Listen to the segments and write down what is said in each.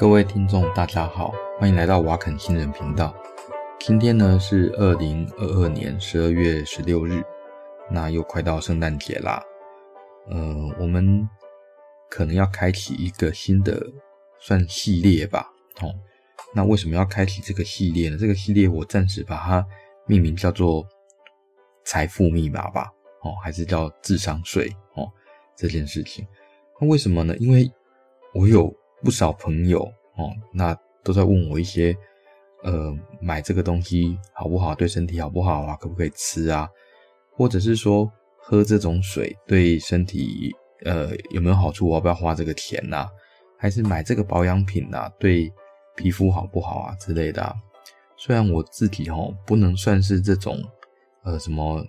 各位聽眾，大家好，歡迎來到瓦肯新人頻道。今天呢是二零二二年十二月十六日，那又快到聖誕節啦。嗯，我們可能要開啟一個新的算系列吧。哦，那為什麼要開啟這個系列呢？這個系列我暫時把它命名叫做“財富密碼”吧。哦，還是叫“智商稅”哦，這件事情。那為什麼呢？因為我有。不少朋友哦，那都在問我一些，呃，買這個東西好不好，對身體好不好啊？可不可以吃啊？或者是說，喝這種水對身體呃有沒有好處？我要不要花這個錢啊？還是買這個保養品啊？對皮膚好不好啊之類的啊。雖然我自己吼、哦、不能算是這種，呃，什麼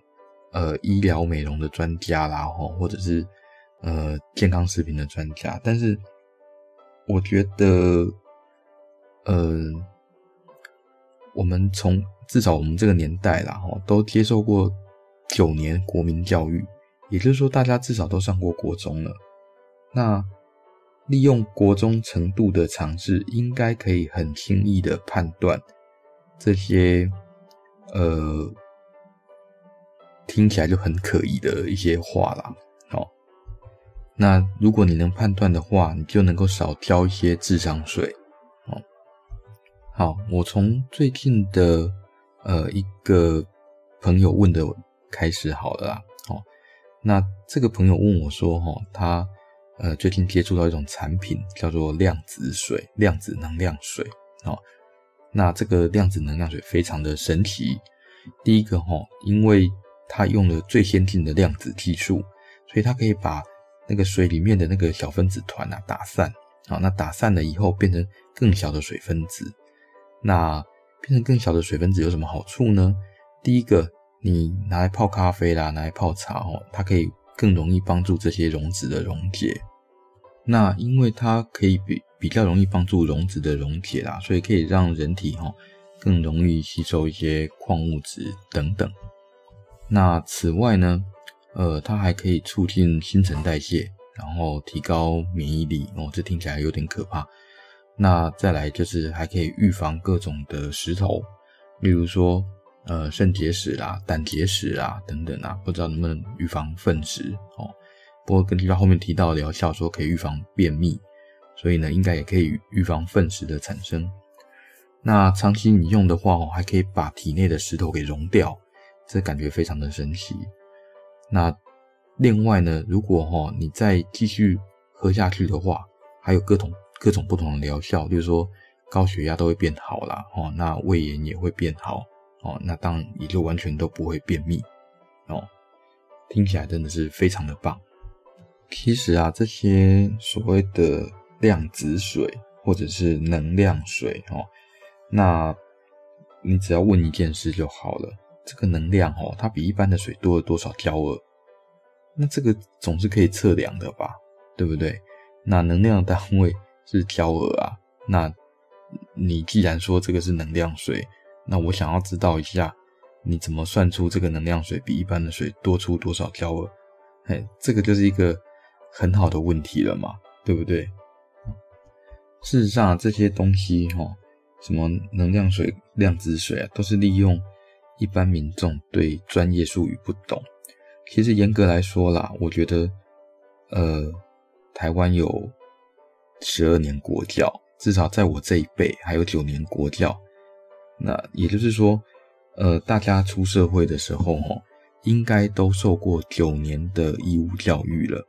呃醫療美容的專家啦吼、哦，或者是呃健康食品的專家，但是。我覺得，呃，我們從至少我們這個年代啦，哈，都接受過九年國民教育，也就是說，大家至少都上過國中了。那利用國中程度的常識，應該可以很輕易的判斷這些，呃，聽起來就很可疑的一些話啦。那如果你能判斷的話，你就能夠少挑一些智商稅哦。好，我從最近的呃一個朋友問的開始好了啦。哦，那這個朋友問我說：“哈、哦，他呃最近接觸到一種產品叫做量子水、量子能量水哦。那這個量子能量水非常的神奇。第一個哈、哦，因為它用了最先進的量子技術，所以它可以把。”那個水裡面的那個小分子團啊，打散啊，那打散了以後變成更小的水分子。那變成更小的水分子有什麼好處呢？第一個，你拿來泡咖啡啦，拿來泡茶哦，它可以更容易幫助這些溶質的溶解。那因為它可以比比較容易幫助溶質的溶解啦，所以可以讓人體哈，更容易吸收一些礦物質等等。那此外呢？呃，它還可以促進新陳代謝，然後提高免疫力哦、喔。這聽起來有點可怕。那再來就是還可以預防各種的石頭，例如說呃腎結石啊、膽結石啊等等啊，不知道能不能預防糞石哦。不過根據它後面提到的療效，說可以預防便秘，所以呢應該也可以預防糞石的產生。那長期飲用的話哦，還可以把體內的石頭給溶掉，這感覺非常的神奇。那另外呢，如果哈、哦、你再繼續喝下去的話，還有各種各種不同的療效，就是說高血壓都會變好了哦，那胃炎也會變好哦，那當然也就完全都不會便秘哦，聽起來真的是非常的棒。其實啊，這些所謂的量子水或者是能量水哦，那你只要問一件事就好了。這個能量哦，它比一般的水多了多少焦耳？那這個總是可以測量的吧，對不對？那能量的單位是焦耳啊。那你既然說這個是能量水，那我想要知道一下，你怎麼算出這個能量水比一般的水多出多少焦耳？哎，這個就是一個很好的問題了嘛，對不對？嗯，事實上啊，這些東西哈哦，什麼能量水、量子水啊，都是利用。一般民眾對專業術語不懂，其實嚴格來說啦，我覺得，呃，台灣有十二年國教，至少在我這一輩還有九年國教。那也就是說，呃，大家出社會的時候，吼，應該都受過九年的義務教育了。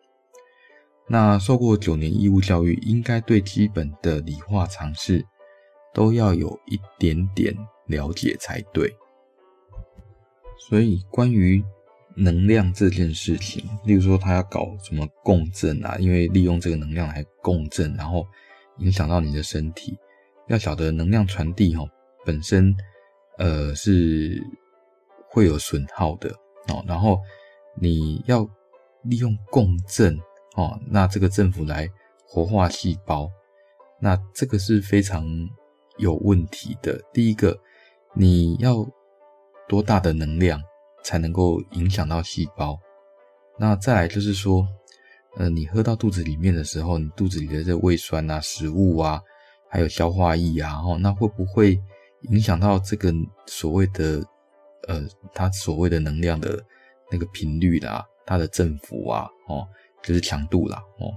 那受過九年義務教育，應該對基本的理化常識都要有一點點了解才對。所以，關於能量這件事情，例如說他要搞什麼共振啊，因為利用這個能量來共振，然後影響到你的身體，要曉得能量傳遞哦，本身呃是會有損耗的哦，然後你要利用共振哦，那這個政府來活化細胞，那這個是非常有問題的。第一個，你要。多大的能量才能夠影響到細胞？那再來就是說，呃，你喝到肚子裡面的時候，你肚子裡的這個胃酸啊、食物啊，還有消化液啊，哦，那會不會影響到這個所謂的呃，它所謂的能量的那個頻率啦、它的振幅啊，哦，就是強度啦，哦，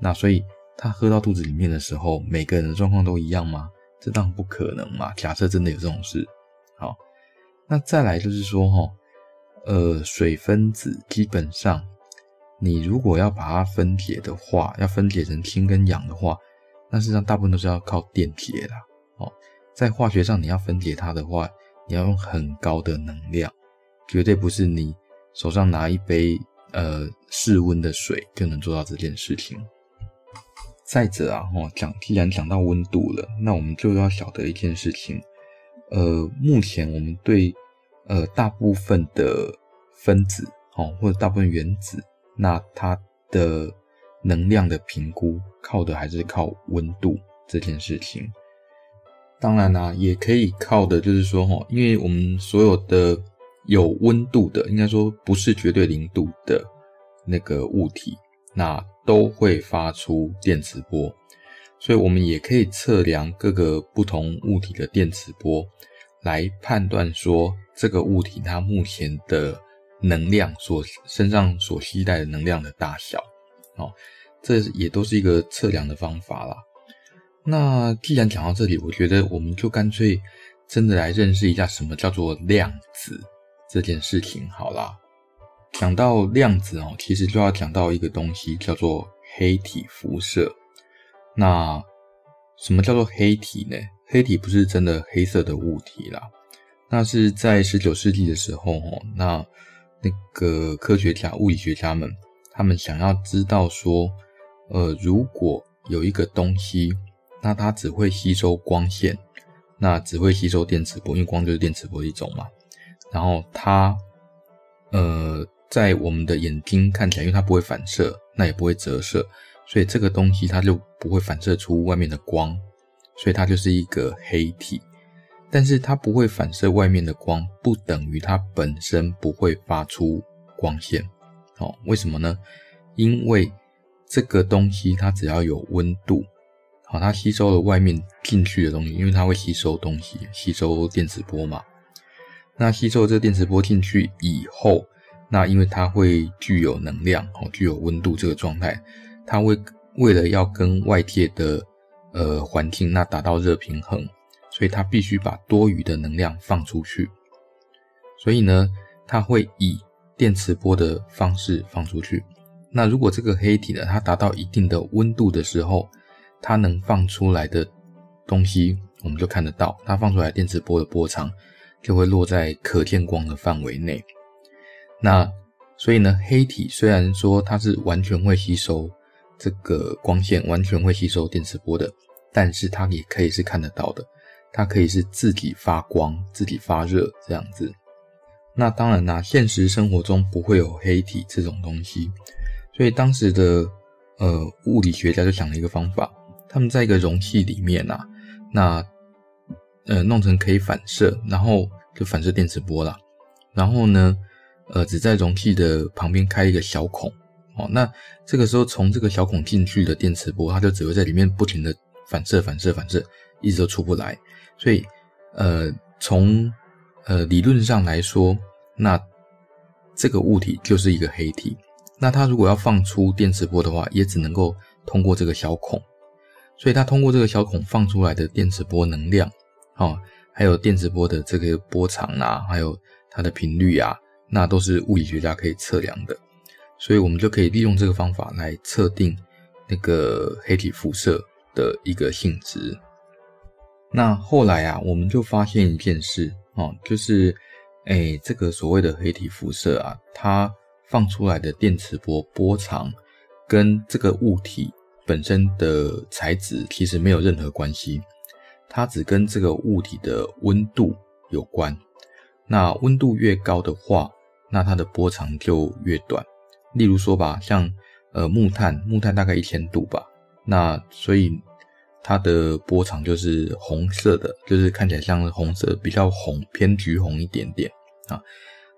那所以他喝到肚子裡面的時候，每個人的狀況都一樣嗎？這當然不可能嘛，假設真的有這種事，好、哦。那再來就是說，哈，呃，水分子基本上，你如果要把它分解的話，要分解成氫跟氧的話，那實際上大部分都是要靠電解的哦。在化學上，你要分解它的話，你要用很高的能量，絕對不是你手上拿一杯呃室溫的水就能做到這件事情。再者啊，哈，講，既然講到溫度了，那我們就要曉得一件事情。呃，目前我們對呃大部分的分子哦，或者大部分原子，那它的能量的評估靠的還是靠溫度這件事情。當然啦、啊，也可以靠的，就是說哈、哦，因為我們所有的有溫度的，應該說不是絕對零度的那個物體，那都會發出電磁波。所以我們也可以測量各個不同物體的電磁波，來判斷說這個物體它目前的能量所身上所攜帶的能量的大小。哦，這也都是一個測量的方法啦。那既然講到這裡，我覺得我們就乾脆真的來認識一下什麼叫做量子這件事情好啦。講到量子哦、喔，其實就要講到一個東西叫做黑體輻射。那什麼叫做黑體呢？黑體不是真的黑色的物體啦，那是在十九世紀的時候齁，那那個科學家、物理學家們，他們想要知道說，呃，如果有一個東西，那它只會吸收光線，那只會吸收電磁波，因為光就是電磁波一種嘛。然後它，呃，在我們的眼睛看起來，因為它不會反射，那也不會折射，所以這個東西它就。不會反射出外面的光，所以它就是一個黑體。但是它不會反射外面的光，不等於它本身不會發出光線。哦，為什麼呢？因為這個東西它只要有溫度，好、哦，它吸收了外面進去的東西，因為它會吸收東西，吸收電磁波嘛。那吸收這個電磁波進去以後，那因為它會具有能量，哦，具有溫度這個狀態，它會。為了要跟外界的呃環境，那達到熱平衡，所以它必須把多餘的能量放出去。所以呢，它會以電磁波的方式放出去。那如果這個黑體呢，它達到一定的溫度的時候，它能放出來的東西，我們就看得到，它放出來電磁波的波長就會落在可見光的範圍內。那所以呢，黑體雖然說它是完全會吸收。這個光線完全會吸收電磁波的，但是它也可以是看得到的，它可以是自己發光、自己發熱這樣子。那當然啦，現實生活中不會有黑體這種東西，所以當時的呃物理學家就想了一個方法，他們在一個容器裡面啊，那呃弄成可以反射，然後就反射電磁波啦，然後呢，呃只在容器的旁邊開一個小孔。哦，那這個時候從這個小孔進去的電磁波，它就只會在裡面不停的反射、反射、反射，一直都出不來。所以，呃，從呃理論上來說，那這個物體就是一個黑體。那它如果要放出電磁波的話，也只能夠通過這個小孔。所以它通過這個小孔放出來的電磁波能量，啊，還有電磁波的這個波長啊，還有它的頻率啊，那都是物理學家可以測量的。所以我們就可以利用這個方法來測定那個黑體輻射的一個性質。那後來啊，我們就發現一件事哦，就是哎、欸，這個所謂的黑體輻射啊，它放出來的電磁波波長跟這個物體本身的材質其實沒有任何關係，它只跟這個物體的溫度有關。那溫度越高的話，那它的波長就越短。例如說吧，像呃木炭，木炭大概一千度吧，那所以它的波長就是紅色的，就是看起來像是紅色，比較紅偏橘紅一點點啊。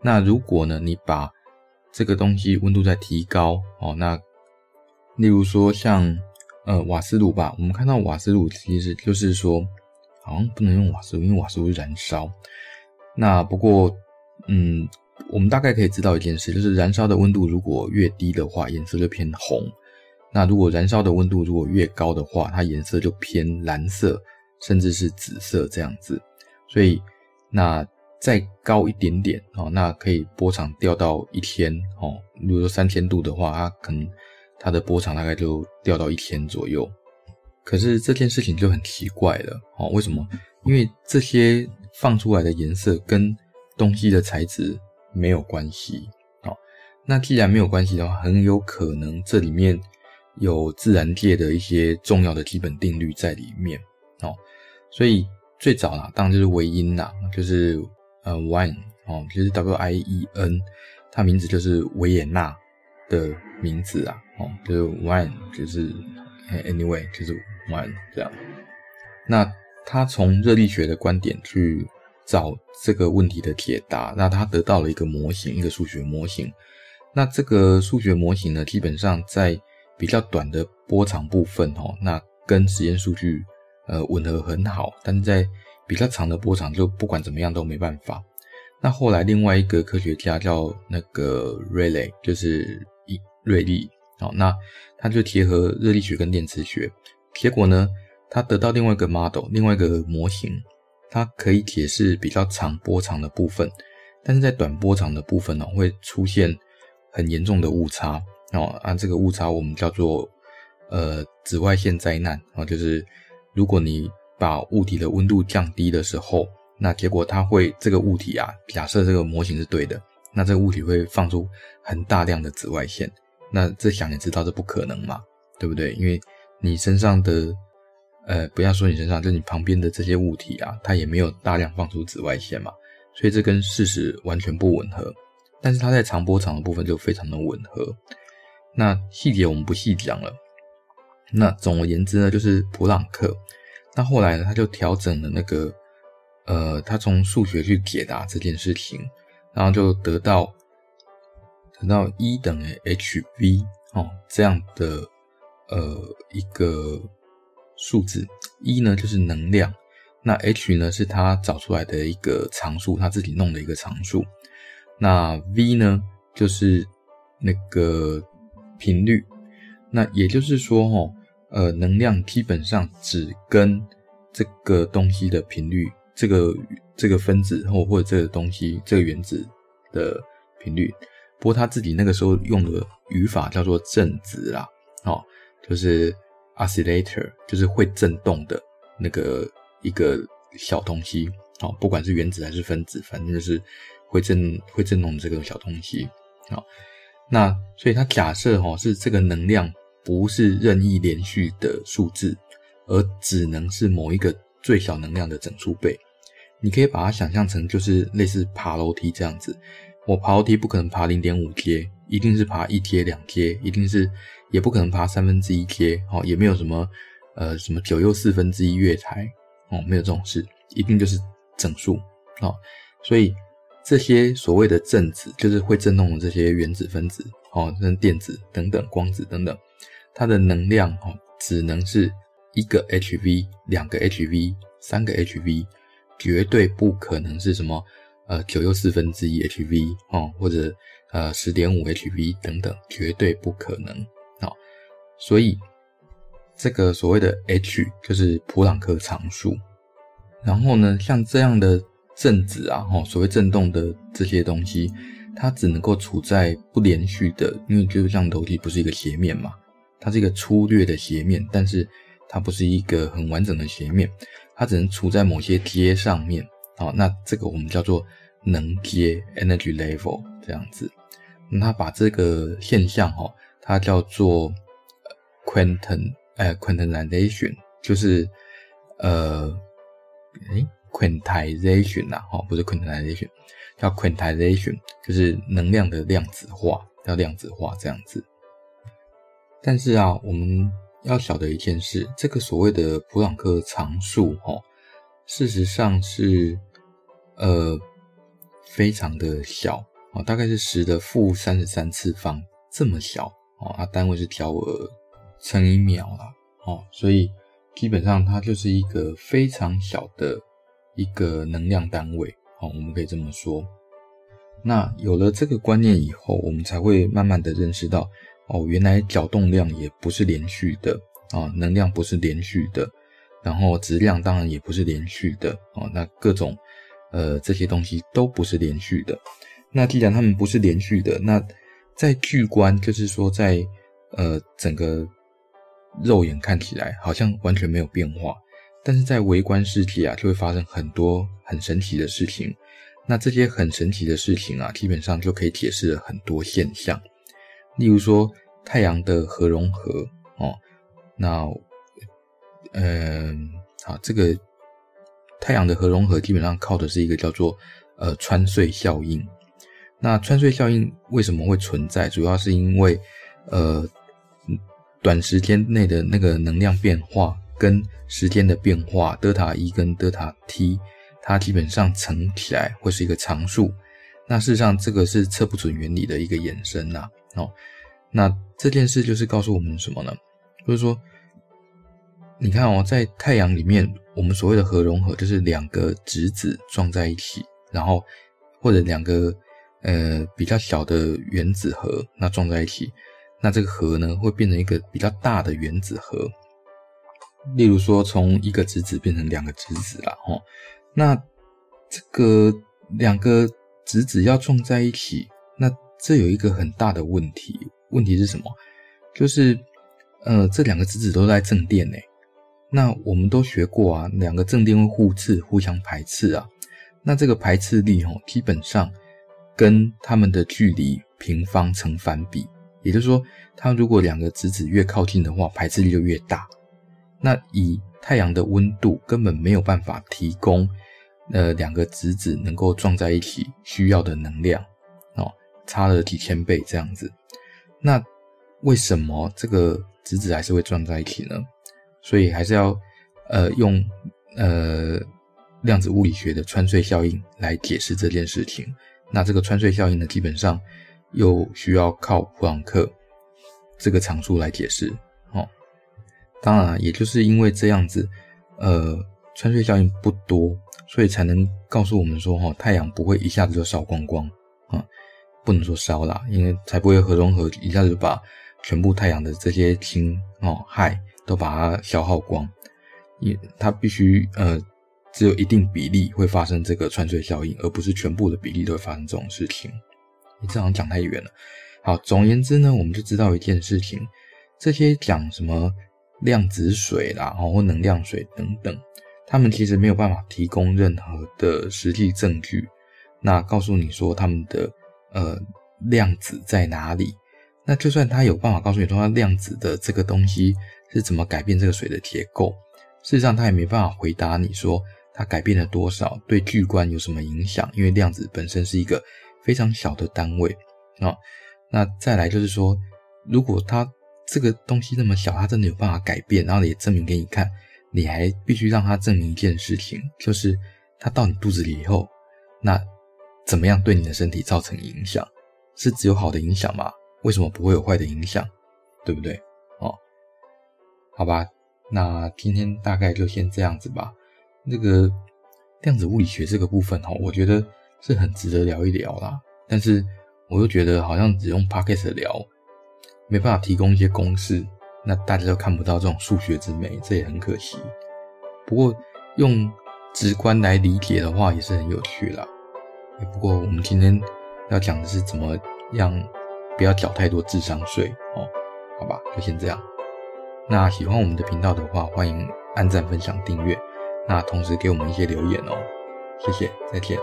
那如果呢，你把這個東西溫度再提高哦，那例如說像呃瓦斯爐吧，我們看到瓦斯爐其實就是說，好像不能用瓦斯爐，因為瓦斯爐是燃燒。那不過嗯。我們大概可以知道一件事，就是燃燒的溫度如果越低的話，顏色就偏紅；那如果燃燒的溫度如果越高的話，它顏色就偏藍色，甚至是紫色這樣子。所以，那再高一點點哦，那可以波長掉到一千哦。如果說三千度的話，它可能它的波長大概就掉到一千左右。可是這件事情就很奇怪了哦，為什麼？因為這些放出來的顏色跟東西的材質。沒有關係哦，那既然沒有關係的話，很有可能這裡面有自然界的一些重要的基本定律在裡面哦，所以最早啊，當然就是維因啦，就是呃，Wien 哦，就是 W I E N，它名字就是維也納的名字啊，哦，就是 Wien，就是 Anyway，就是 Wien 這樣。那他從熱力學的觀點去找這個問題的解答，那他得到了一個模型，一個數學模型。那這個數學模型呢，基本上在比較短的波長部分哦，那跟實驗數據呃吻合很好，但在比較長的波長就不管怎麼樣都沒辦法。那後來另外一個科學家叫那個瑞雷，就是瑞利哦，那他就結合熱力學跟電磁學，結果呢，他得到另外一個 model，另外一個模型。它可以解釋比較長波長的部分，但是在短波長的部分呢、喔，會出現很嚴重的誤差哦、喔。啊，這個誤差我們叫做呃紫外線災難啊、喔，就是如果你把物體的溫度降低的時候，那結果它會這個物體啊，假設這個模型是對的，那這個物體會放出很大量的紫外線。那這想也知道這不可能嘛，對不對？因為你身上的呃，不要說你身上，就你旁邊的這些物體啊，它也沒有大量放出紫外線嘛，所以這跟事實完全不吻合。但是它在長波長的部分就非常的吻合。那細節我們不細講了。那總而言之呢，就是普朗克。那後來呢，他就調整了那個，呃，他從數學去解答這件事情，然後就得到得到 E 等於 h v 哦這樣的呃一個。數字 E 呢就是能量，那 h 呢是他找出來的一個常數，他自己弄的一個常數。那 v 呢就是那個頻率，那也就是說哦，呃，能量基本上只跟這個東西的頻率，這個這個分子或或者這個東西這個原子的頻率。不過他自己那個時候用的語法叫做振子啦，哦，就是。oscillator 就是會震動的那個一個小東西，好，不管是原子還是分子，反正就是會震會震動的這個小東西，好，那所以它假設哈是這個能量不是任意連續的數字，而只能是某一個最小能量的整數倍。你可以把它想象成就是類似爬樓梯這樣子，我爬樓梯不可能爬零點五階，一定是爬一階、兩階，一定是。也不可能爬三分之一階，哦，也沒有什麼，呃，什麼九又四分之一月台，哦，沒有這種事，一定就是整數，哦，所以這些所謂的振子，就是會振動的這些原子分子，哦，跟電子等等、光子等等，它的能量，哦，只能是一個 hv、兩個 hv、三個 hv，絕對不可能是什麼，呃，九又四分之一 hv，哦，或者呃，十點五 hv 等等，絕對不可能。所以，這個所謂的 h 就是普朗克常數。然後呢，像這樣的振子啊，吼，所謂振動的這些東西，它只能夠處在不連續的，因為就像樓梯不是一個斜面嘛，它是一個粗略的斜面，但是它不是一個很完整的斜面，它只能處在某些階上面，哦，那這個我們叫做能階 （energy level） 這樣子。那它把這個現象，吼，它叫做。quantum，呃，quantization 就是，呃，哎，quantization 啊，哈，不是 quantization，叫 quantization，就是能量的量子化，叫量子化這樣子。但是啊，我們要曉得一件事，這個所謂的普朗克常數，哦，事實上是，呃，非常的小哦，大概是十的負三十三次方，這麼小哦，它單位是焦耳。乘以秒啦，哦，所以基本上它就是一個非常小的一個能量單位，哦，我們可以這麼說。那有了這個觀念以後，我們才會慢慢的認識到，哦，原來角動量也不是連續的啊、哦，能量不是連續的，然後質量當然也不是連續的哦，那各種呃這些東西都不是連續的。那既然它們不是連續的，那在巨觀就是說在呃整個肉眼看起來好像完全沒有變化，但是在微觀世界啊，就會發生很多很神奇的事情。那這些很神奇的事情啊，基本上就可以解釋了很多現象。例如說太陽的核融合哦，那嗯、呃，好，這個太陽的核融合基本上靠的是一個叫做呃穿隧效應。那穿隧效應為什麼會存在？主要是因為呃。短時間內的那個能量變化跟時間的變化，德塔 E 跟德塔 t，它基本上乘起來會是一個常數。那事實上，這個是測不準原理的一個延伸吶、啊。哦，那這件事就是告訴我們什麼呢？就是說，你看哦，在太陽裡面，我們所謂的核融合，就是兩個質子撞在一起，然後或者兩個呃比較小的原子核那撞在一起。那這個核呢，會變成一個比較大的原子核。例如說，從一個質子變成兩個質子啦，吼。那這個兩個質子要撞在一起，那這有一個很大的問題。問題是什麼？就是，呃，這兩個質子都帶正電欸。那我們都學過啊，兩個正電會互斥，互相排斥啊。那這個排斥力吼，基本上跟它們的距離平方成反比。也就是說，它如果兩個質子越靠近的話，排斥力就越大。那以太陽的溫度根本沒有辦法提供，呃，兩個質子能夠撞在一起需要的能量，哦，差了幾千倍這樣子。那為什麼這個質子還是會撞在一起呢？所以還是要，呃，用呃量子物理學的穿隧效應來解釋這件事情。那這個穿隧效應呢，基本上。又需要靠普朗克這個常數來解釋，哦，當然也就是因為這樣子，呃，穿隧效應不多，所以才能告訴我們說，哈、哦，太陽不會一下子就燒光光啊、嗯，不能說燒啦，因為才不會核融合一下子就把全部太陽的這些氫、哦氦都把它消耗光，因它必須呃，只有一定比例會發生這個穿隧效應，而不是全部的比例都會發生這種事情。你這樣講太遠了。好，總言之呢，我們就知道一件事情：這些講什麼量子水啦，然後能量水等等，他們其實沒有辦法提供任何的實際證據。那告訴你說他們的呃量子在哪裡？那就算他有辦法告訴你說它量子的這個東西是怎麼改變這個水的結構，事實上他也沒辦法回答你說他改變了多少，對巨觀有什麼影響？因為量子本身是一個，非常小的單位，啊、哦，那再來就是說，如果它這個東西那麼小，它真的有辦法改變，然後也證明給你看，你還必須讓它證明一件事情，就是它到你肚子裡以後，那怎麼樣對你的身體造成影響？是只有好的影響嗎？為什麼不會有壞的影響？對不對？哦，好吧，那今天大概就先這樣子吧。那個量子物理學這個部分，哈，我覺得。是很值得聊一聊啦，但是我又覺得好像只用 podcast 聊，沒辦法提供一些公式，那大家都看不到這種數學之美，這也很可惜。不過用直觀來理解的話，也是很有趣啦。不過我們今天要講的是怎麼樣不要繳太多智商稅哦，好吧，就先這樣。那喜歡我們的頻道的話，歡迎按讚、分享、訂閱，那同時給我們一些留言哦、喔，謝謝，再見。